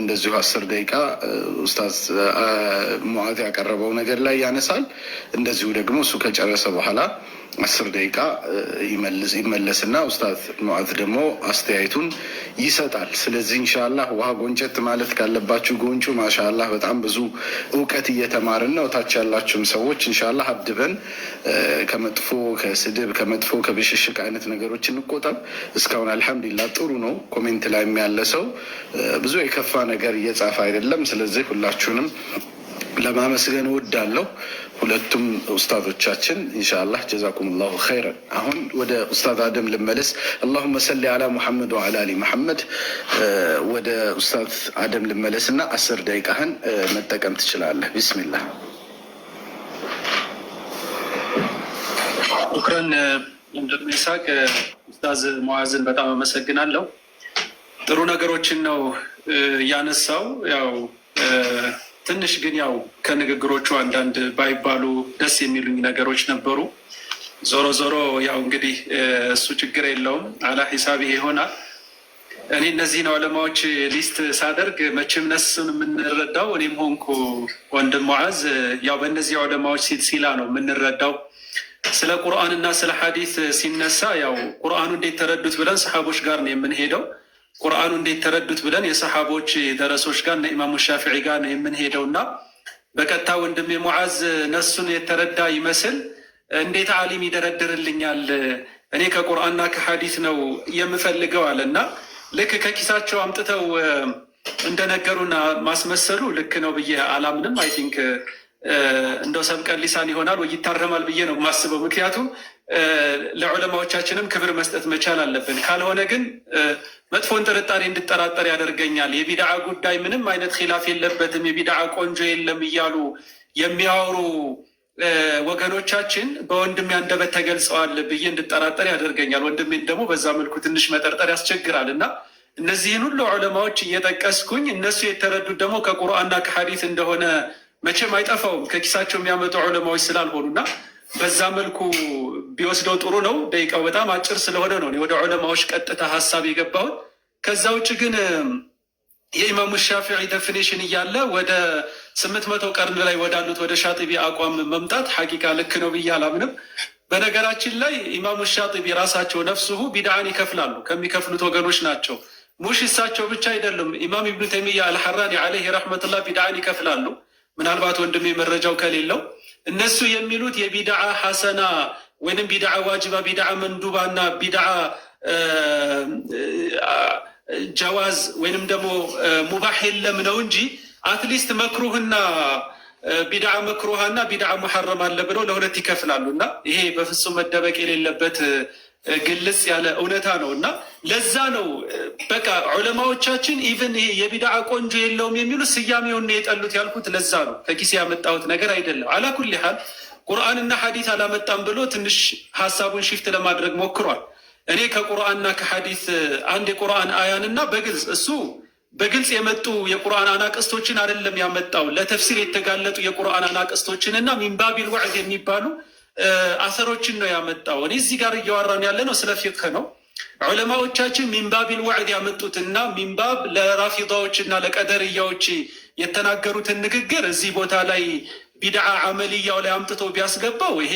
እንደዚሁ አስር ደቂቃ ኡስታዝ ሙዓዝ ያቀረበው ነገር ላይ ያነሳል። እንደዚሁ ደግሞ እሱ ከጨረሰ በኋላ አስር ደቂቃ ይመለስና ኡስታዝ ሙዓዝ ደግሞ አስተያየቱን ይሰጣል። ስለዚህ እንሻላህ ውሃ ጎንጨት ማለት ካለባችሁ ጎንጩ። ማሻላህ በጣም ብዙ እውቀት እየተማርን ነው። ታች ያላችሁም ሰዎች እንሻላህ አድበን ከመጥፎ ከስድብ ከመጥፎ ከብሽሽቅ አይነት ነገሮች እንቆጠብ። እስካሁን አልሐምዱሊላህ ጥሩ ነው። ኮሜንት ላይ የሚያለሰው ብዙ የከፋ ነገር እየጻፈ አይደለም። ስለዚህ ሁላችሁንም ለማመስገን እወዳለሁ። ሁለቱም ኡስታዞቻችን እንሻላ ጀዛኩም ላሁ ኸይረን። አሁን ወደ ኡስታዝ አደም ልመለስ። አላሁመ ሰሊ አላ ሙሐመድ ወአላ አሊ ሙሐመድ። ወደ ኡስታዝ አደም ልመለስ እና አስር ደቂቃህን መጠቀም ትችላለህ። ቢስሚላህ ሹክረን ኢሳቅ። ኡስታዝ ሙዓዝን በጣም አመሰግናለሁ። ጥሩ ነገሮችን ነው ያነሳው ያው ትንሽ ግን ያው ከንግግሮቹ አንዳንድ ባይባሉ ደስ የሚሉኝ ነገሮች ነበሩ። ዞሮ ዞሮ ያው እንግዲህ እሱ ችግር የለውም አላ ሂሳብ ይሆናል። እኔ እነዚህን ዑለማዎች ሊስት ሳደርግ መቼም ነሱን የምንረዳው እኔም ሆንኩ ወንድም ሙዓዝ ያው በእነዚህ ዑለማዎች ሲልሲላ ነው የምንረዳው። ስለ ቁርአንና ስለ ሐዲስ ሲነሳ ያው ቁርአኑ እንዴት ተረዱት ብለን ሰሓቦች ጋር ነው የምንሄደው ቁርአኑ እንዴት ተረዱት ብለን የሰሓቦች ደረሶች ጋር እነ ኢማሙ ሻፊዒ ጋር ነው የምንሄደውና በቀጥታ ወንድሜ ሙዓዝ ነሱን የተረዳ ይመስል እንዴት አሊም ይደረድርልኛል እኔ ከቁርአንና ከሐዲስ ነው የምፈልገው አለና ልክ ከኪሳቸው አምጥተው እንደነገሩና ማስመሰሉ ልክ ነው ብዬ አላምንም። አይ ቲንክ እንደው ሰብቀን ሊሳን ይሆናል ወይ ይታረማል ብዬ ነው የማስበው። ምክንያቱም ለዑለማዎቻችንም ክብር መስጠት መቻል አለብን። ካልሆነ ግን መጥፎን ጥርጣሬ እንድጠራጠር ያደርገኛል። የቢድዓ ጉዳይ ምንም አይነት ኪላፍ የለበትም፣ የቢድዓ ቆንጆ የለም እያሉ የሚያወሩ ወገኖቻችን በወንድሜ አንደበት ተገልጸዋል ብዬ እንድጠራጠር ያደርገኛል። ወንድሜን ደግሞ በዛ መልኩ ትንሽ መጠርጠር ያስቸግራል እና እነዚህን ሁሉ ዑለማዎች እየጠቀስኩኝ እነሱ የተረዱት ደግሞ ከቁርአንና ከሐዲስ እንደሆነ መቼም አይጠፋውም ከኪሳቸው የሚያመጡ ዑለማዎች ስላልሆኑና በዛ መልኩ ቢወስደው ጥሩ ነው። ደቂቃው በጣም አጭር ስለሆነ ነው ወደ ዑለማዎች ቀጥታ ሀሳብ የገባሁት። ከዛ ውጭ ግን የኢማሙ ሻፊዒ ደፊኔሽን እያለ ወደ ስምንት መቶ ቀርን ላይ ወዳሉት ወደ ሻጢቢ አቋም መምጣት ሐቂቃ ልክ ነው ብዬ አላምንም። በነገራችን ላይ ኢማሙ ሻጢቢ ራሳቸው ነፍስሁ ቢድዓን ይከፍላሉ ከሚከፍሉት ወገኖች ናቸው። ሙሽ እሳቸው ብቻ አይደሉም። ኢማም ኢብኑ ተይሚያ አልሐራኒ ዓለይህ ረሕመቱላህ ቢድዓን ይከፍላሉ። ምናልባት ወንድሜ መረጃው ከሌለው እነሱ የሚሉት የቢድዓ ሐሰና ወይንም ቢድዓ ዋጅባ፣ ቢድዓ መንዱባ እና ቢድዓ ጀዋዝ ወይንም ደግሞ ሙባሕ የለም ነው እንጂ አትሊስት መክሩህና ቢድዓ መክሩሃና ቢድዓ መሐረም አለ ብለው ለሁለት ይከፍላሉ እና ይሄ በፍጹም መደበቅ የሌለበት ግልጽ ያለ እውነታ ነው እና ለዛ ነው በቃ ዑለማዎቻችን ኢቨን ይሄ የቢድዓ ቆንጆ የለውም የሚሉ ስያሜውን የጠሉት ያልኩት ለዛ ነው። ከኪስ ያመጣሁት ነገር አይደለም። አላኩል ያህል ቁርአንና ሐዲት አላመጣም ብሎ ትንሽ ሀሳቡን ሽፍት ለማድረግ ሞክሯል። እኔ ከቁርአንና ከሐዲት አንድ የቁርአን አያንና በግልጽ እሱ በግልጽ የመጡ የቁርአን አናቅስቶችን አይደለም ያመጣው ለተፍሲር የተጋለጡ የቁርአን አናቅስቶችን እና ሚንባቢል ዋዕድ የሚባሉ አሰሮችን ነው ያመጣው። እኔ እዚህ ጋር እያወራን ያለ ነው ስለ ፊቅህ ነው። ዑለማዎቻችን ሚንባቢል ዋዕድ ያመጡትና ሚንባብ ለራፊዳዎችና ለቀደርያዎች የተናገሩትን ንግግር እዚህ ቦታ ላይ ቢድዓ አመልያው ላይ አምጥቶ ቢያስገባው ይሄ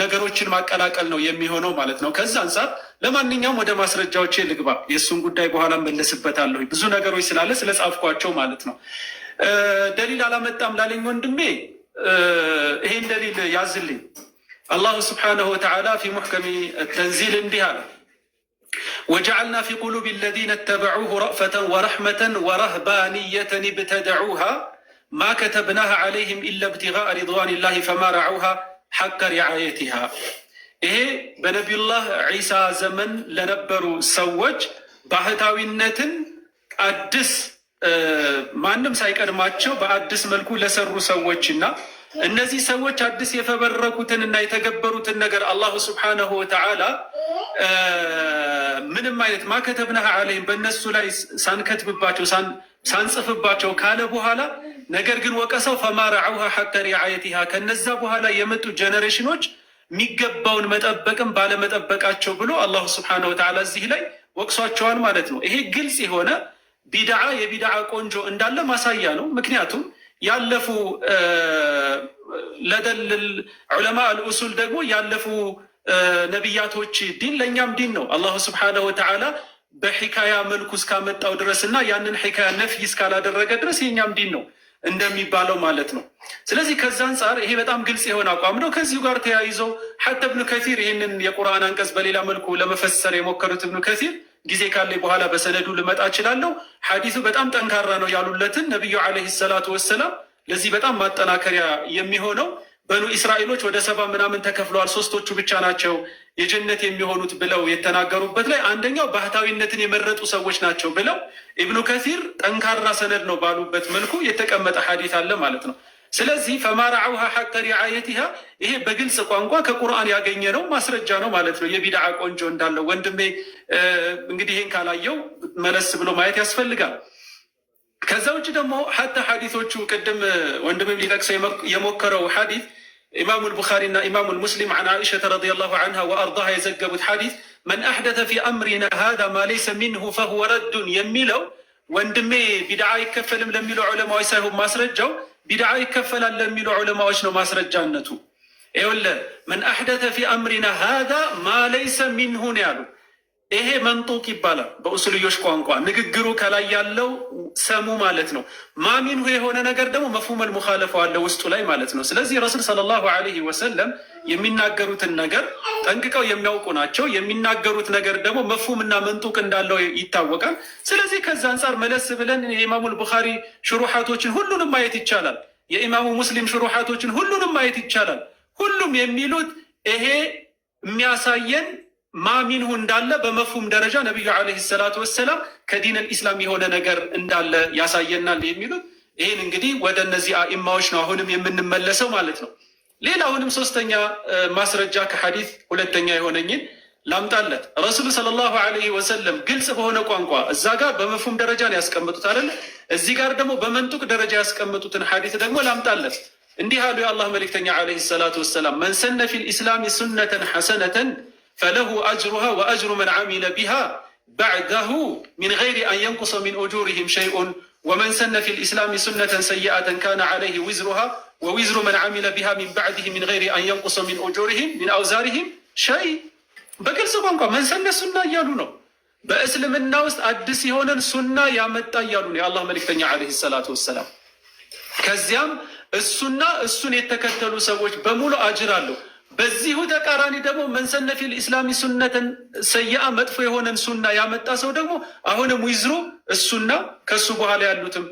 ነገሮችን ማቀላቀል ነው የሚሆነው ማለት ነው። ከዛ አንጻር ለማንኛውም ወደ ማስረጃዎች ልግባ። የእሱን ጉዳይ በኋላ መለስበታለሁ። ብዙ ነገሮች ስላለ ስለጻፍኳቸው ማለት ነው። ደሊል አላመጣም ላለኝ ወንድሜ ይሄን ደሊል ያዝልኝ። አላሁ ስብሓነሁ ወተዓላ ፊ ሙሕከሚ ተንዚል እንዲህ አለ ወጀዐልና ፊ ቁሉብ ለዚነ ተበዑሁ ረእፈተን ወረሕመተን ወረህባንየተን ብተደዑሃ ማ ከተብናሃ ዓለይህም ኢላ ብትጋ ሪድዋን ላሂ ፈማ ረዐውሃ ሐቀ ሪዓየትሃ። ይሄ በነቢዩላህ ዒሳ ዘመን ለነበሩ ሰዎች ባህታዊነትን አዲስ ማንም ሳይቀድማቸው በአዲስ መልኩ ለሰሩ ሰዎችና እነዚህ ሰዎች አዲስ የፈበረኩትንና የተገበሩትን ነገር አላሁ ስብሓነሁ ወተዓላ ምንም አይነት ማከተብና አለይም በእነሱ ላይ ሳንከትብባቸው ሳንጽፍባቸው ካለ በኋላ ነገር ግን ወቀሰው ፈማረዐውሃ ሐቀ ሪዓየቲሃ ከነዛ በኋላ የመጡ ጀነሬሽኖች የሚገባውን መጠበቅም ባለመጠበቃቸው ብሎ አላሁ ስብሓነሁ ወተዓላ እዚህ ላይ ወቅሷቸዋል ማለት ነው። ይሄ ግልጽ የሆነ ቢድዓ የቢድዓ ቆንጆ እንዳለ ማሳያ ነው። ምክንያቱም ያለፉ ለደልል ዑለማ አልኡሱል ደግሞ ያለፉ ነቢያቶች ዲን ለእኛም ዲን ነው። አላሁ ስብሓነሁ ወተዓላ በሒካያ መልኩ እስካመጣው ድረስ እና ያንን ሒካያ ነፍይ እስካላደረገ ድረስ የእኛም ዲን ነው እንደሚባለው ማለት ነው። ስለዚህ ከዚ አንጻር ይሄ በጣም ግልጽ የሆነ አቋም ነው። ከዚሁ ጋር ተያይዞ ሐታ እብኑ ከሲር ይህንን የቁርአን አንቀጽ በሌላ መልኩ ለመፈሰር የሞከሩት እብኑ ከሲር ጊዜ ካለኝ በኋላ በሰነዱ ልመጣ እችላለሁ። ሐዲሱ በጣም ጠንካራ ነው ያሉለትን ነቢዩ ዓለይሂ ሰላቱ ወሰላም ለዚህ በጣም ማጠናከሪያ የሚሆነው በኑ እስራኤሎች ወደ ሰባ ምናምን ተከፍለዋል፣ ሶስቶቹ ብቻ ናቸው የጀነት የሚሆኑት ብለው የተናገሩበት ላይ አንደኛው ባህታዊነትን የመረጡ ሰዎች ናቸው ብለው ኢብኑ ከሲር ጠንካራ ሰነድ ነው ባሉበት መልኩ የተቀመጠ ሀዲት አለ ማለት ነው። ስለዚህ ፈማራዓውሃ ሐቀ ሪዓየቲሃ ይሄ በግልጽ ቋንቋ ከቁርአን ያገኘ ነው ማስረጃ ነው ማለት ነው። የቢድዓ ቆንጆ እንዳለው ወንድሜ እንግዲህ ይህን ካላየው መለስ ብሎ ማየት ያስፈልጋል። ከዛ ውጭ ደግሞ ሀታ ሀዲቶቹ ቅድም ወንድምም ሊጠቅሰው የሞከረው ሀዲት ኢማሙ ልቡኻሪና ኢማሙ ልሙስሊም ዐን ዓኢሸተ ረዲየላሁ ዐንሃ ወአርዳሃ የዘገቡት ሀዲት መን አሕደተ ፊ አምሪና ሃዛ ማ ለይሰ ሚንሁ ፈሁወ ረዱን የሚለው ወንድሜ ቢድዓ አይከፈልም ለሚሉ ዑለማዎች ሳይሆን ማስረጃው ቢድዓ ይከፈላል ለሚሉ ዑለማዎች ነው ማስረጃነቱ። ይኸውልህ መን አሕደተ ፊ አምሪና ሃዛ ማ ለይሰ ሚንሁ ነው ያሉ ይሄ መንጡቅ ይባላል በኡሱልዮች ቋንቋ። ንግግሩ ከላይ ያለው ሰሙ ማለት ነው። ማሚንሁ የሆነ ነገር ደግሞ መፍሁመል ሙኻለፈ አለ ውስጡ ላይ ማለት ነው። ስለዚህ ረሱል ሰለላሁ ዐለይሂ ወሰለም የሚናገሩትን ነገር ጠንቅቀው የሚያውቁ ናቸው። የሚናገሩት ነገር ደግሞ መፍሁምና መንጡቅ እንዳለው ይታወቃል። ስለዚህ ከዛ አንጻር መለስ ብለን የኢማሙ ልቡኻሪ ሽሩሓቶችን ሁሉንም ማየት ይቻላል። የኢማሙ ሙስሊም ሽሩሓቶችን ሁሉንም ማየት ይቻላል። ሁሉም የሚሉት ይሄ የሚያሳየን ማሚንሁ እንዳለ በመፍሁም ደረጃ ነቢዩ ዓለይሂ ሰላቱ ወሰላም ከዲን ልኢስላም የሆነ ነገር እንዳለ ያሳየናል የሚሉት ይህን እንግዲህ ወደ እነዚህ አኢማዎች ነው አሁንም የምንመለሰው ማለት ነው። ሌላ አሁንም ሶስተኛ ማስረጃ ከሐዲስ ሁለተኛ የሆነኝን ላምጣለት። ረሱሉ ሰለላሁ ዓለይሂ ወሰለም ግልጽ በሆነ ቋንቋ እዛ ጋር በመፍሁም ደረጃ ነው ያስቀምጡት አይደለ? እዚህ ጋር ደግሞ በመንጡቅ ደረጃ ያስቀመጡትን ሐዲስ ደግሞ ላምጣለት። እንዲህ አሉ የአላህ መልእክተኛ ዓለይሂ ሰላቱ ወሰላም መን ሰነ ፊል ሱነተን ሐሰነተን ፈለሁ አጅሩሃ ወአጅሩ መን ዓሚለ ቢሃ ባዕዳሁ ሚን ገይሪ አን የንቁሰ ሚን ኡጁሪሂም ሸይኡን ወመን ሰነ ፊ ልእስላሚ ሱነተን ሰይአተን ካነ ዓለይህ ዊዝሩሃ ወዊዝሩ መን ዓሚለ ቢሃ ሚን ባዕድህ ሚን ገይሪ አን የንቁሰ ሚን ኡጁሪሂም ሚን አውዛሪሂም ሸይ። በግልጽ ቋንቋ መንሰነ ሱና እያሉ ነው። በእስልምና ውስጥ አዲስ የሆነን ሱና ያመጣ እያሉ ነው የአላህ መልእክተኛ ዓለይሂ ሰላቱ ወሰላም። ከዚያም እሱና እሱን የተከተሉ ሰዎች በሙሉ አጅር አለው። በዚሁ ተቃራኒ ደግሞ መንሰነፊ ልእስላሚ ሱነትን ሰይአ መጥፎ የሆነን ሱና ያመጣ ሰው ደግሞ አሁንም ዊዝሩ እሱና ከሱ በኋላ ያሉትም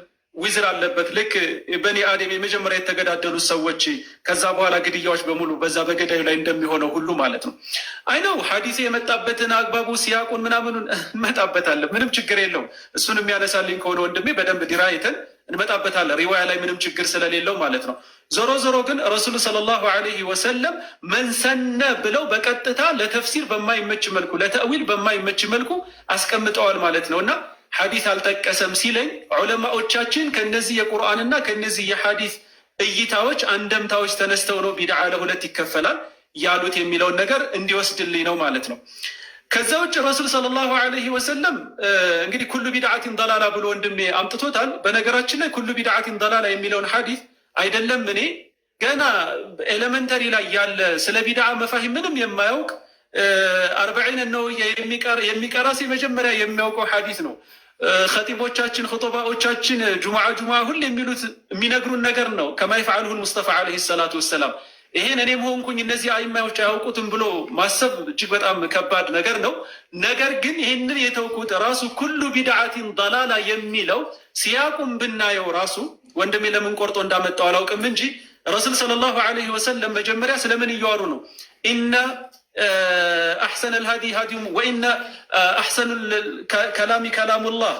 ዊዝር አለበት። ልክ በኒ አደም የመጀመሪያ የተገዳደሉት ሰዎች ከዛ በኋላ ግድያዎች በሙሉ በዛ በገዳዩ ላይ እንደሚሆነው ሁሉ ማለት ነው። አይነው ሀዲሴ የመጣበትን አግባቡ ሲያቁን ምናምኑን እንመጣበታለን። ምንም ችግር የለውም። እሱን የሚያነሳልኝ ከሆነ ወንድሜ በደንብ ዲራይተን እንመጣበታለን። ሪዋያ ላይ ምንም ችግር ስለሌለው ማለት ነው። ዞሮ ዞሮ ግን ረሱሉ ሰለላሁ ዐለይሂ ወሰለም መንሰነ ብለው በቀጥታ ለተፍሲር በማይመች መልኩ ለተእዊል በማይመች መልኩ አስቀምጠዋል ማለት ነው እና ሐዲስ አልጠቀሰም ሲለኝ ዑለማዎቻችን ከነዚህ የቁርአንና ከነዚህ የሐዲስ እይታዎች አንደምታዎች ተነስተው ነው ቢድዓ ለሁለት ይከፈላል ያሉት የሚለውን ነገር እንዲወስድልኝ ነው ማለት ነው። ከዛ ውጭ ረሱል ሰለላሁ ዐለይሂ ወሰለም እንግዲህ ኩሉ ቢድዓቲን ደላላ ብሎ ወንድሜ አምጥቶታል። በነገራችን ላይ ኩሉ ቢድዓቲን ደላላ የሚለውን ሐዲስ አይደለም እኔ ገና ኤሌመንተሪ ላይ ያለ ስለ ቢድዓ መፋሂም ምንም የማያውቅ አርበዒን ነውያ የሚቀራ መጀመሪያ የሚያውቀው ሐዲስ ነው። ከጢቦቻችን ኹጡባዎቻችን ጁሙዓ ጁሙዓ ሁሌ የሚሉት የሚነግሩን ነገር ነው። ከማ የፍዓልሁ ሙስተፋ ሰላቱ ወሰላም ይሄን እኔም ሆንኩኝ እነዚህ አይማዮች አያውቁትም ብሎ ማሰብ እጅግ በጣም ከባድ ነገር ነው። ነገር ግን ይህንን የተውኩት ራሱ ኩሉ ቢድዓቲን ضላላ የሚለው ሲያቁም ብናየው ራሱ ወንድሜ ለምን ቆርጦ እንዳመጣው አላውቅም እንጂ ረሱል ሰለላሁ ዐለይሂ ወሰለም መጀመሪያ ስለምን እያዋሩ ነው? ኢነ አሕሰነ ልሃዲ ሃዲ ወኢነ አሕሰኑ ከላሚ ከላሙላህ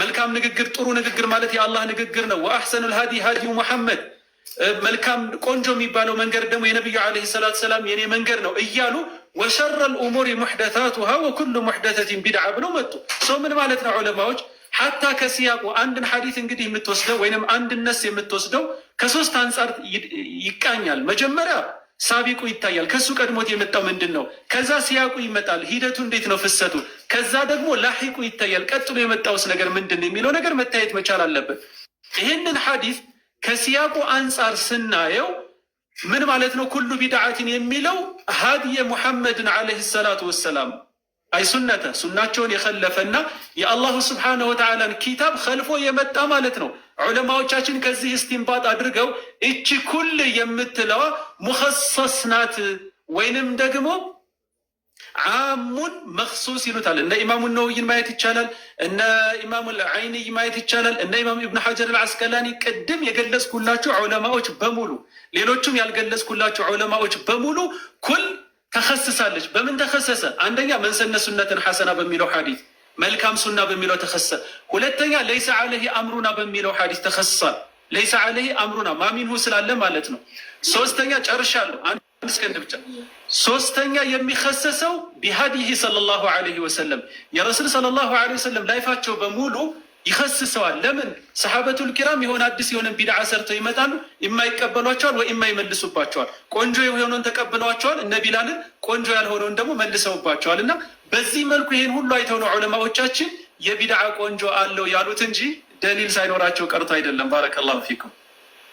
መልካም ንግግር ጥሩ ንግግር ማለት የአላህ ንግግር ነው። ወአሕሰኑ ልሃዲ ሃዲ ሙሐመድ መልካም ቆንጆ የሚባለው መንገድ ደግሞ የነቢዩ ዓለይሂ ሰላት ሰላም የኔ መንገድ ነው እያሉ ወሸረል ኡሙሪ ሙሕደታቱሃ ወኩሉ ሙሕደተትን ቢድዓ ብለው መጡ። ሰው ምን ማለት ነው? ዑለማዎች ሓታ ከሲያቁ አንድን ሓዲት እንግዲህ የምትወስደው ወይም አንድን ነስ የምትወስደው ከሶስት አንጻር ይቃኛል። መጀመሪያ ሳቢቁ ይታያል። ከሱ ቀድሞት የመጣው ምንድን ነው? ከዛ ሲያቁ ይመጣል። ሂደቱ እንዴት ነው? ፍሰቱ። ከዛ ደግሞ ላሒቁ ይታያል። ቀጥሎ የመጣውስ ነገር ምንድን ነው የሚለው ነገር መታየት መቻል አለበት። ይህንን ሓዲት ከሲያቁ አንጻር ስናየው ምን ማለት ነው? ኩሉ ቢድዓትን የሚለው ሀድየ ሙሐመድን ዓለይሂ ሰላቱ ወሰላም አይ ሱነተ ሱናቸውን የከለፈና የአላሁ ስብሓነ ወተዓላን ኪታብ ከልፎ የመጣ ማለት ነው። ዑለማዎቻችን ከዚህ እስቲንባጥ አድርገው እቺ ኩል የምትለዋ ሙኸሰስ ናት ወይንም ደግሞ አሙን መክሱስ ይሉታል። እነ ኢማሙ ነውይን ማየት ይቻላል። እነ ኢማሙ አይንይ ማየት ይቻላል። እነ ኢማሙ እብን ሐጀር ልዓስቀላኒ ቅድም የገለጽኩላቸው ዑለማዎች በሙሉ ሌሎቹም ያልገለጽኩላቸው ዑለማዎች በሙሉ ኩል ተከስሳለች። በምን ተከሰሰ? አንደኛ መንሰነ ሱነትን ሐሰና በሚለው ሐዲስ መልካም ሱና በሚለው ተከሰሰ። ሁለተኛ ለይሰ አለህ አምሩና በሚለው ሐዲስ ተከስሷል። ለይሰ አለህ አምሩና ማሚንሁ ስላለ ማለት ነው። ሶስተኛ ጨርሻለሁ። ስከንድ ብቻ። ሶስተኛ የሚከሰሰው ቢሀዲህ ሰለላሁ ዐለይሂ ወሰለም የረሱል ሰለላሁ ዐለይሂ ወሰለም ላይፋቸው በሙሉ ይከስሰዋል። ለምን ሰሓበቱል ኪራም የሆነ አዲስ የሆነ ቢድዓ ሰርተው ይመጣሉ። የማይቀበሏቸዋል ወይ የማይመልሱባቸዋል። ቆንጆ የሆነውን ተቀብለዋቸዋል እነ ቢላልን፣ ቆንጆ ያልሆነውን ደግሞ መልሰውባቸዋል። እና በዚህ መልኩ ይህን ሁሉ አይተው ነው ዑለማዎቻችን የቢድዓ ቆንጆ አለው ያሉት እንጂ ደሊል ሳይኖራቸው ቀርቶ አይደለም። ባረከላሁ ፊኩም